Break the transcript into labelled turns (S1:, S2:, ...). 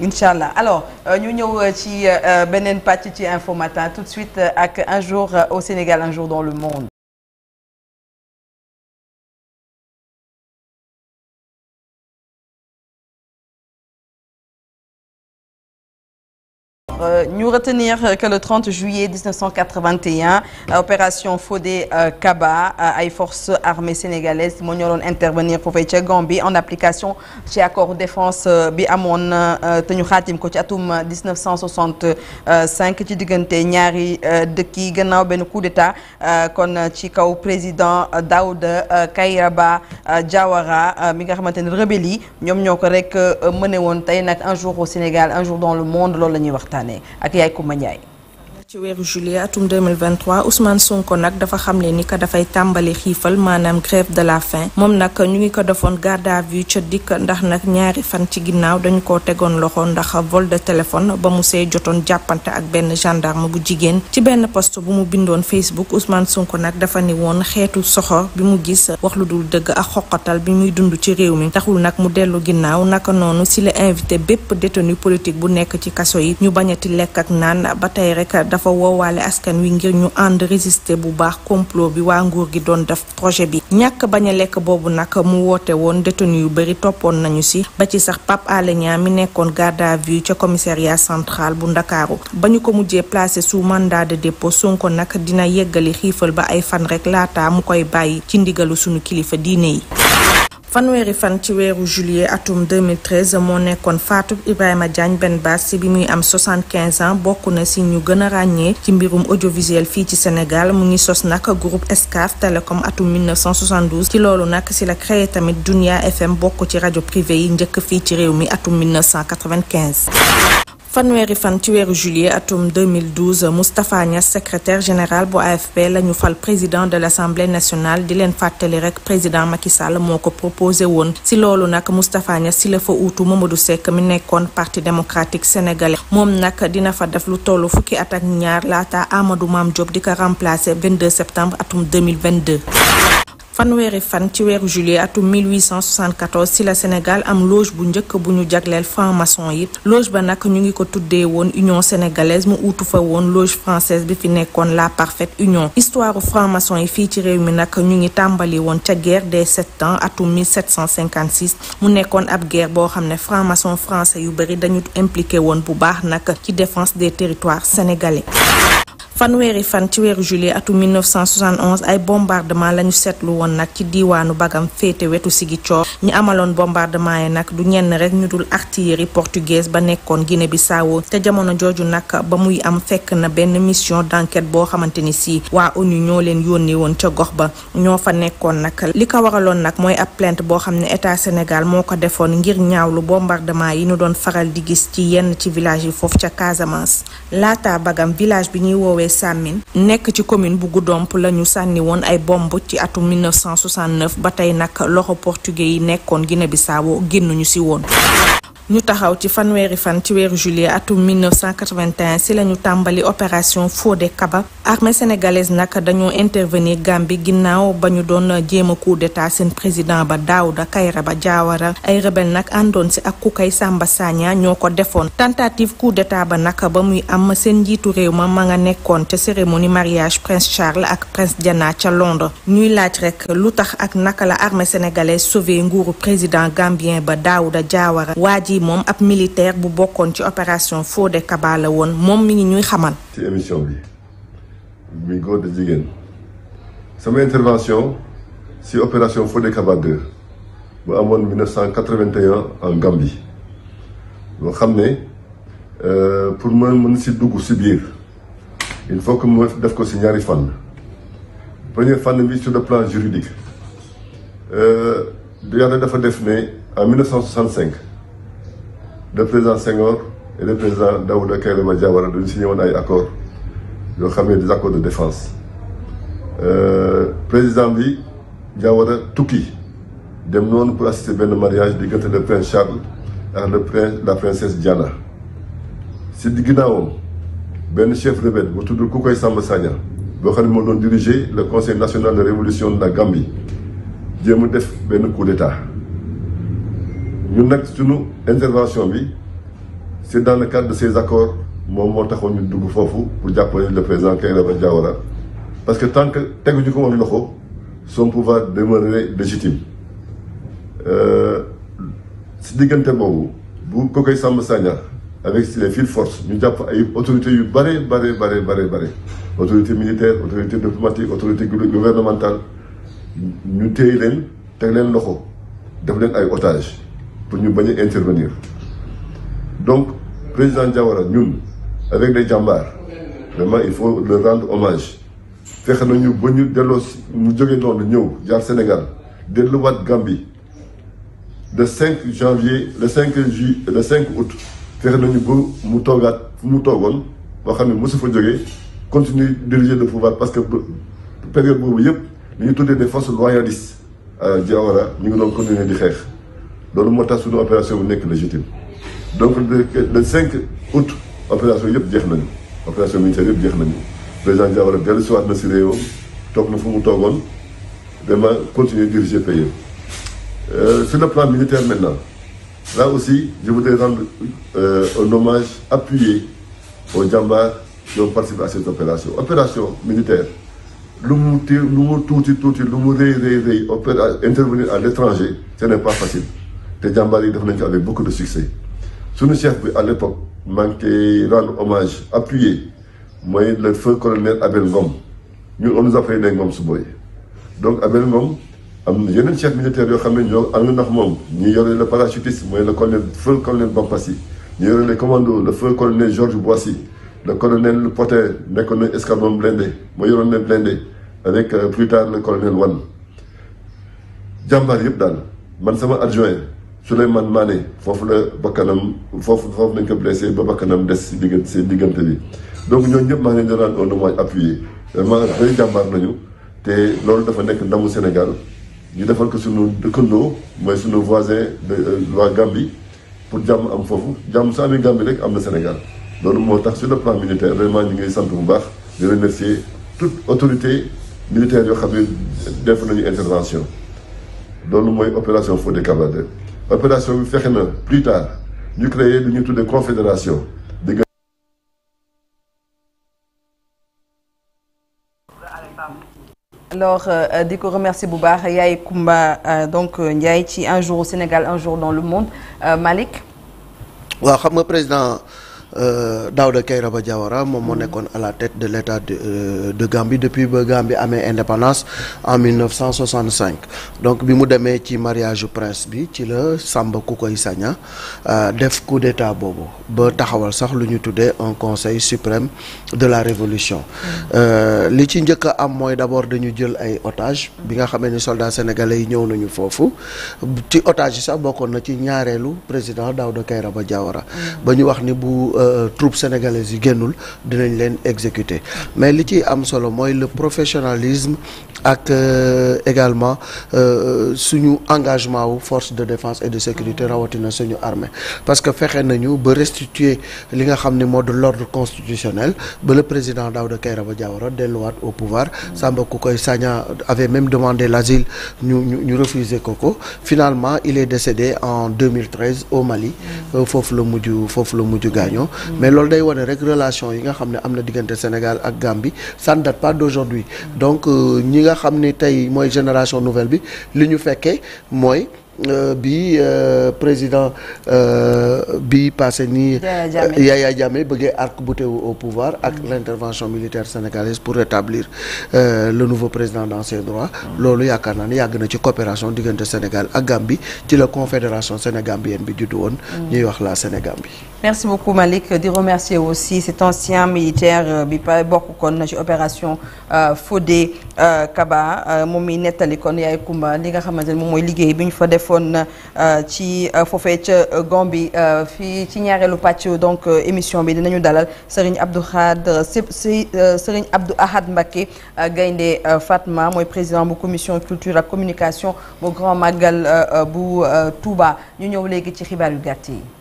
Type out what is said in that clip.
S1: incha allah alors euh, ñu ñëw euh, ci euh, beneen pàcc ci info matin tout de suite ak
S2: un jour au Sénégal un jour dans le monde. ñu retenir euh, que le 30 juillet 1981
S1: euh, opération Fodé euh, Kaba ay forces armées sénégalaises moo ñoroon intervenir foofee ca Gambie en application ci accord défense bi amoon te ñu xaatim ko ci atum 1965 ci diggante ñaari dëkk yi gannaaw benn coup d'état kon ci kaw président Daouda Kairaba Jawara mi nga xamante ne rebelle yi ñoom ñoo ko rek mëne woon tey nag un jour au Sénégal un jour dans le monde loolu la ñuy waxtaanee ak Yaay Kumba Njaay
S3: ci weeru juillet atum 2023 Ousmane Sonko nag dafa xam xamle ni ko dafay tàmbali xiifal maanaam grève de la fin moom nag ñu ngi ko defoon garde à ca dikk ndax nag ñaari fan ci ginnaaw dañu ko tegoon loxo ndax vol de téléphone ba mu see jotoon jàppante ak benn gendarme bu jigéen ci benn post bu mu bindoon Facebook Ousmane Sonko nag dafa ni woon xeetu soxo bi mu gis wax lu dul dëgg ak xoqatal bi muy dund ci réew mi taxul nag mu dellu ginnaaw naka noonu si la invité bépp détenu politique bu nekk ci kaso yi ñu bañati lekk ak naan ba tey rek dafa woowaale askan wi ngir ñu ànd résister bu baax complot bi waa nguur gi doon def projet bi ñàkk bañ a lekk boobu nag mu woote woon détenu yu bëri toppoon nañu si ba ci sax Pape Alé mi nekkoon garde à ca commissariat centrale bu Ndakaaru ba ñu ko mujjee placé sous mandat de dépôt Sonko nag dina yeggali xiifal ba ay fan rek laata mu koy bàyyi ci ndigalu sunu kilifa diine yi fanweeri fan ci weeru juillet atum 2013 moo nekkoon faatu Ibrahima Diagne Ben Bass si bi muy am 75 ans bokk na si ñu gën a ràññee ci mbirum audiovisuel fii ci Sénégal mu ngi sos nag groupe Excaf Télécom atum 1972 ci loolu nag si la créé tamit Dunia FM bokk ci rajo privé yi njëkk fii ci réew mi atum 1995. fanweeri fan ci weeru juillet atum 2012 Moustapha Niass secrétaire général bu AFP la ñu fal président de l' assemblée nationale di leen fàttali rek président Macky Sall moo ko proposé woon si loolu nag Moustapha Niass si la fa uutu Mamadou Seck mi nekkoon parti démocratique sénégalais moom nag dina fa def lu toll fukki at ak ñaar laata Amadou maam Diop di ko remplacer 22 septembre atum 2022. fanweeri fan ci weeru juillet atum 1874 ci la Sénégal am loge bu njëkk bu ñu jagleel franc yi loge ba nag ñu ngi ko tuddee woon union sénégalaise mu uutu fa woon loge française bi fi nekkoon la parfaite union histoire franc yi fii ci réew mi nag ñu ngi tàmbali woon ca guerre des sept ans atum 1756 mu nekkoon ab guerre boo xam ne franc-maçon français yu bëri dañu impliqué woon bu baax nag ci défense des territoires sénégalais fanweeri fan ci weeru juillet atum 1971 ay bombardement la ñu seetlu woon nag ci diiwaanu Bagam féete wetu Ziguinchor ñu amaloon bombardement yi nag du ñenn rek ñu dul artillerie portugaise ba nekkoon Guinée Bissau te jamono jooju nag ba muy am fekk na benn mission d'enquête boo xamante ni si waa ONU ñoo leen yónnee woon ca gox ba ñoo fa nekkoon nag li ko waraloon nag mooy ab plainte boo xam ne état Sénégal moo ko defoon ngir ñaawlu bombardement yi ñu doon faral di gis ci yenn ci village yi foofu ca Casamance laata Bagam village bi ñuy woowee Siré nekk ci commune bu Goudomp la ñu sànni woon ay bomb ci atum 1969 ba tey nag loxo portugais yi nekkoon Guinée Bissau ñu si woon ñu taxaw ci fanweeri fan ci weeru juillet atum 1981 si la ñu tàmbali opération Fodé Kaba armée sénégalaise nag dañoo intervenir Gambie ginnaaw ba ñu doon jéem a coup d'état seen président ba Daouda Kayraba Jawara ay rebelle nag àndoon si ak Kukay Samba Sagna ñoo ko defoon tentative coup d'état ba nag ba muy am seen njiitu réew ma ma nga nekkoon ca cérémonie mariage prince Charles ak prince Diana ca Londres ñuy laaj rek lu tax ak naka la armée sénégalaise sauvé nguuru président gambien ba Daouda Jawara waaji kii moom ab militaire bu bokkoon ci opération Fodé Kaba la woon moom mi ngi ñuy xaman
S4: ci émission bi muy góor jigéen sama intervention si opération Fodé Kaba 2 bu amoon 1981 en Gambie loo xam ne euh, pour ma mën si dugg si biir il faut que mu def ko si ñaari fànn première fànn bi sur le plan juridique euh, yàlla dafa def ne en 1965 le président Senghor et le président Daouda Kairaba Diawara dañu signé woon ay accord yoo xam ne des accords de défense euh, président bi Diawara tukki dem noonu pour benn mariage diggante le prince Charles ak le prince la princesse Diana si ginnaawam benn chef rebelle bu tudd koy Samba Sagna boo xam ne moo doon diriger le conseil national de révolution de la Gambie jéem a def benn coup d'état ñu nag suñu intervention bi c'est dans le cadre de ces accords moom moo taxoon ñu dugg foofu pour jàppale le président Kairaba Diawara parce que tant que teguñu ko woon loxo son pouvoir demeurer légitime si euh, diggante boobu bu ko koy Samba Sagna avec les field force ñu jàpp ay autorités yu bare bare bare bare bare autorité militaire autorité diplomatique autorité gouvernementale ñu téye leen teg leen loxo def leen ay otage pour ñu bañ a intervenir donc président Diawara ñun avec des jàmbaar vraiment il faut le rendre hommage fexe nañu ba ñu delloo si ñu jógee noonu ñëw jaar Sénégal delluwaat Gambie le 5 janvier le 5 ju le 5 août fexe nañu ba mu toogaat fu mu toogoon boo xam ne mosu fa jóge continuer diriger le pouvoir parce que période boobu yëpp li ñu tuddee de forces loyalistes euh, Diawara ñu ngi doon continuer di xeex loolu moo tax suñu opération bu nekk légitime donc le cinq août opération yëpp jeex nañu opération militaire yëpp jeex nañu président Diawara dellu si waat na si réewam toog na fu mu toogoon vraiment continuer diriger pays euh, sur le plan militaire maintenant là aussi je voudrais rendre euh, un hommage appuyé aux jàmbaar qui ont participé à cette opération opération militaire lu mu ti lu mu tuuti tuuti lu mu rëy rëy rëy opéra intervenir à l'étranger ce n'est pas te jàmbaar yi def nañ ko avec beaucoup de succès suñu chef bi à l'époque maa ngi koy mooy le feu colonel Abel Ngom ñun on nous a fait su booy donc Abel Ngom am na yeneen yoo xam ne ñoo ànd ndax moom ñu yore le parachutiste mooy le colonel feu colonel Bampassi ñu yore les commandos le feu colonel Georges Boissy le colonel Potin nekkoon na escadron blindé mooy yoroon na blindé avec euh, plus tard le colonel Wan jàmbaar yëpp daal man sama adjoint. Souleymane Mané foofu la bakkanam foofu foofu lañ ko blessé ba bakkanam des si diggante seen diggante bi donc ñooñu ñëpp maa ngi leen di rendre un hommage appuyé vraiment day jàmbaar nañu te loolu dafa nekk ndamu Sénégal ñu defal ko suñu dëkkandoo mooy suñu voisin de euh, waa Gambie pour jàmm am foofu jàmm su amee Gambie rek am na Sénégal loolu moo tax sur le plan militaire vraiment ñu ngi sant bu baax di remercier toute autorité militaire yoo xam ne def nañu intervention loolu mooy opération Fodé Cabral opération bi fexe na plus tard ñu créer lu ñu tuddee confédération di
S1: alors euh, euh, di ko remercier bu baax Yaay Kumba euh, donc euh, Ndiaye ci un jour au Sénégal un jour dans le monde euh, Malick
S2: waaw xam nga président Euh, Daouda Kairaba Diawara moom moo mm. nekkoon à la tête de l'état de euh, de Gambie depuis ba Gambie amee indépendance en 1965 donc bi mu demee ci mariage prince bi ci la Samba Kukoy Sagna euh, def coup d'état boobu ba taxawal sax lu ñu tuddee un conseil suprême de la révolution mm. li ci njëkk am mooy d'abord dañu jël ay otages bi nga xamee ni soldats sénégalais yi ñëw nañu foofu ci otages sax bokkoon na ci ñaareelu président Daouda Kairaba Diawara mm. ba ñu wax ni bu Euh, troupes sénégalaises yu génnul dinañ leen exécuter mais li ci am solo mooy le professionnalisme ak euh, également euh, suñu engagement wu force de défense et de sécurité rawatina suñu armée parce que fexe nañu ba restituer li nga xam ne moo de l'ordre constitutionnel ba le président Daouda Kayraba Diawara delluwaat au pouvoir Samba Kukoy Sagna avait même demandé l'asile ñu ñu ñu refuser ko ko finalement il est décédé en 2013 au Mali foofu la mujj foofu mais loolu day wane rek relation yi nga xam ne am na diggante Sénégal ak Gambie ça ne date pas donc euh, ñi nga xam ni tey mooy génération nouvelle bi li ñu fekkee mooy euh, bi euh, président bi passé nii Yaya Jammeh bëggee arc-bouté au pouvoir ak l'intervention militaire sénégalaise pour rétablir le nouveau président dans ses droits loolu yaakaar naa ni yàgg na ci coopération diggante Sénégal ak Gambie ci la confédération sénégambienne bi juddu woon mm. ñuy wax la Sénégambie
S1: merci beaucoup Malick di remercier aussi cet ancien militaire euh, bi pa bokk kon ci opération euh, Fodé euh, Kaba moom mi nettali kon yaay Kumba li nga xamante ne moom mooy liggéey bi ñu fa defoon ci foofee ca Gambie fii ci ñaareelu pàcc donc émission bi dinañu dalal Serigne Abdou Khadre Serigne Abdou Ahad Mbacké Gaynde Fatma mooy président bu commission culture ak communication bu Grand Magal
S2: bu Touba ñu ñëw léegi ci xibaar yu gàtt yi